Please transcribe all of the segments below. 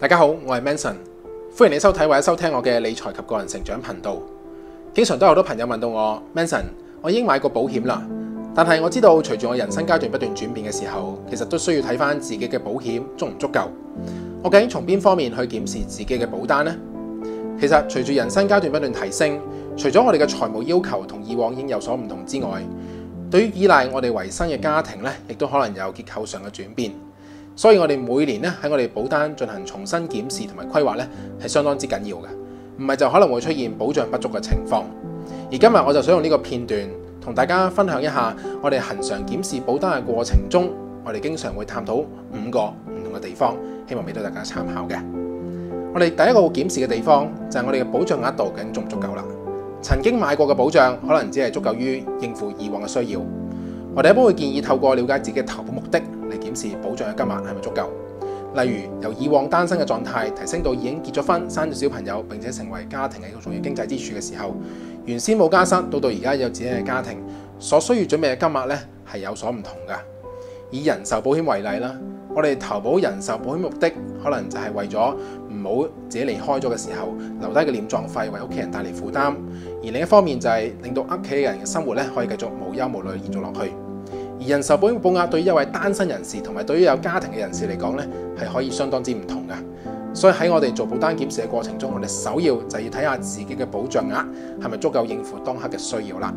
大家好，我係 Manson，歡迎你收睇或者收聽我嘅理財及個人成長頻道。經常都有好多朋友問到我，Manson，我已經買過保險啦，但係我知道隨住我人生階段不斷轉變嘅時候，其實都需要睇翻自己嘅保險足唔足夠。我究竟從邊方面去檢視自己嘅保單呢？其實隨住人生階段不斷提升，除咗我哋嘅財務要求同以往已經有所唔同之外，對於依賴我哋維生嘅家庭咧，亦都可能有結構上嘅轉變。所以我哋每年咧喺我哋保單進行重新檢視同埋規劃咧，係相當之緊要嘅，唔係就可能會出現保障不足嘅情況。而今日我就想用呢個片段同大家分享一下，我哋恒常檢視保單嘅過程中，我哋經常會探討五個唔同嘅地方，希望俾到大家參考嘅。我哋第一個檢視嘅地方就係我哋嘅保障額度究竟足唔足夠啦？曾經買過嘅保障可能只係足夠於應付以往嘅需要。我哋一般會建議透過了解自己嘅投保目的嚟檢視保障嘅金額係咪足夠。例如由以往單身嘅狀態提升到已經結咗婚、生咗小朋友，並且成為家庭嘅一個重要經濟支柱嘅時候，原先冇家室，到到而家有自己嘅家庭，所需要準備嘅金額呢係有所唔同嘅。以人壽保險為例啦，我哋投保人壽保險目的。可能就係為咗唔好自己離開咗嘅時候，留低嘅殮葬費為屋企人帶嚟負擔；而另一方面就係令到屋企人嘅生活咧可以繼續無憂無慮延續落去。而人壽保險保額對於一位單身人士同埋對於有家庭嘅人士嚟講咧係可以相當之唔同嘅。所以喺我哋做保單檢視嘅過程中，我哋首要就要睇下自己嘅保障額係咪足夠應付當刻嘅需要啦。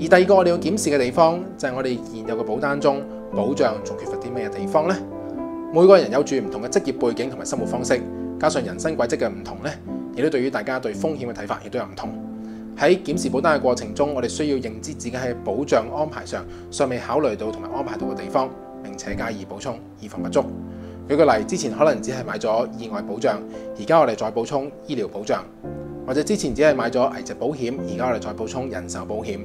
而第二個我哋要檢視嘅地方就係我哋現有嘅保單中保障仲缺乏啲咩地方呢？每個人有住唔同嘅職業背景同埋生活方式，加上人生軌跡嘅唔同呢，亦都對於大家對風險嘅睇法亦都有唔同。喺檢視保單嘅過程中，我哋需要認知自己喺保障安排上尚未考慮到同埋安排到嘅地方，並且加以補充，以防不足。舉個例，之前可能只係買咗意外保障，而家我哋再補充醫療保障；或者之前只係買咗危疾保險，而家我哋再補充人壽保險。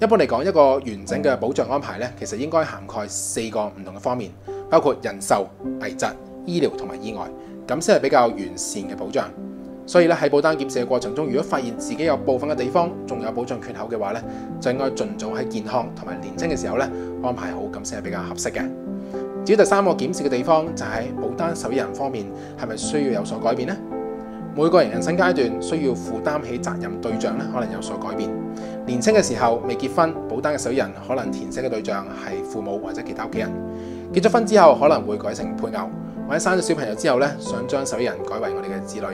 一般嚟講，一個完整嘅保障安排呢，其實應該涵蓋四個唔同嘅方面。包括人壽、危疾、醫療同埋意外，咁先係比較完善嘅保障。所以咧，喺保單檢視嘅過程中，如果發現自己有部分嘅地方仲有保障缺口嘅話咧，就應該盡早喺健康同埋年輕嘅時候咧安排好，咁先係比較合適嘅。至於第三個檢視嘅地方就喺、是、保單受益人方面，係咪需要有所改變呢？每個人人生階段需要負擔起責任對象咧，可能有所改變。年輕嘅時候未結婚，保單嘅受益人可能填寫嘅對象係父母或者其他屋企人。結咗婚之後可能會改成配偶，或者生咗小朋友之後咧，想將受益人改為我哋嘅子女。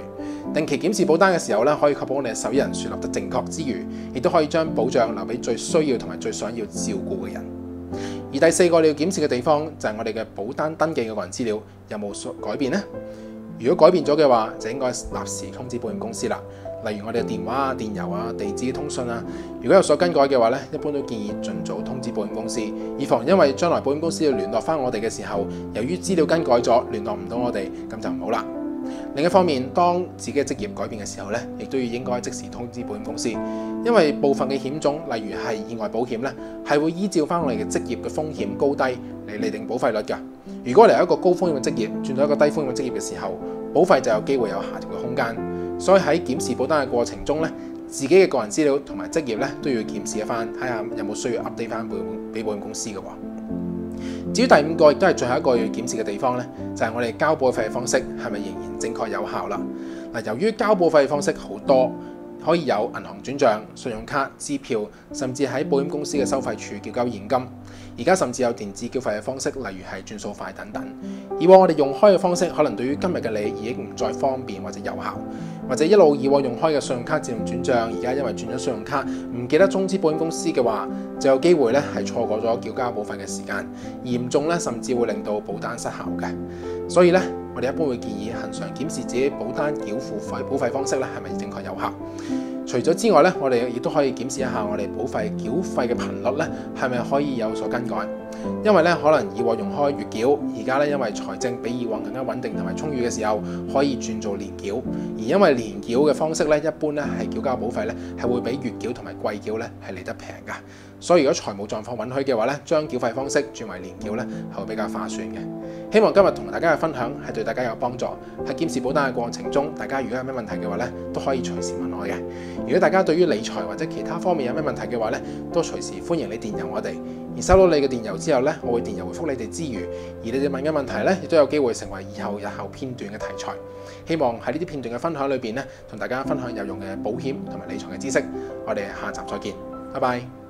定期檢視保單嘅時候咧，可以確保我哋受益人設立得正確之餘，亦都可以將保障留俾最需要同埋最想要照顧嘅人。而第四個你要檢視嘅地方就係我哋嘅保單登記嘅個人資料有冇改變呢？如果改變咗嘅話，就應該立時通知保險公司啦。例如我哋嘅電話啊、電郵啊、地址通訊啊，如果有所更改嘅話咧，一般都建議盡早通知保險公司，以防因為將來保險公司要聯絡翻我哋嘅時候，由於資料更改咗，聯絡唔到我哋，咁就唔好啦。另一方面，當自己嘅職業改變嘅時候咧，亦都要應該即時通知保險公司，因為部分嘅險種，例如係意外保險咧，係會依照翻我哋嘅職業嘅風險高低嚟釐定保費率噶。如果你有一個高風險嘅職業轉到一個低風險嘅職業嘅時候，保費就有機會有下調嘅空間。所以喺檢視保單嘅過程中咧，自己嘅個人資料同埋職業咧都要檢視一番，睇下有冇需要 update 翻保俾保險公司嘅喎。至於第五個亦都係最後一個要檢視嘅地方咧，就係、是、我哋交保費嘅方式係咪仍然正確有效啦？嗱，由於交保費嘅方式好多，可以有銀行轉帳、信用卡、支票，甚至喺保險公司嘅收費處繳交現金。而家甚至有電子繳費嘅方式，例如係轉數快等等。以往我哋用開嘅方式，可能對於今日嘅你已經唔再方便或者有效，或者一路以往用開嘅信用卡自動轉帳，而家因為轉咗信用卡，唔記得通知保險公司嘅話，就有機會咧係錯過咗繳交保費嘅時間，嚴重咧甚至會令到保單失效嘅。所以咧，我哋一般會建議，恆常檢視自己保單繳付費保費方式咧係咪正確有效。除咗之外咧，我哋亦都可以檢視一下我哋保費繳費嘅頻率咧，係咪可以有所更改？因為咧，可能以往用開月繳，而家咧因為財政比以往更加穩定同埋充裕嘅時候，可以轉做年繳。而因為年繳嘅方式咧，一般咧係繳交保費咧係會比月繳同埋季繳咧係嚟得平㗎。所以如果財務狀況允許嘅話咧，將繳費方式轉為年繳咧係會比較划算嘅。希望今日同大家嘅分享係對大家有幫助。喺檢視保單嘅過程中，大家如果有咩問題嘅話咧，都可以隨時問我嘅。如果大家對於理財或者其他方面有咩問題嘅話呢，都隨時歡迎你電郵我哋。而收到你嘅電郵之後呢，我會電郵回覆你哋之餘，而你哋問嘅問題呢，亦都有機會成為以後日後片段嘅題材。希望喺呢啲片段嘅分享裏邊呢，同大家分享有用嘅保險同埋理財嘅知識。我哋下集再見，拜拜。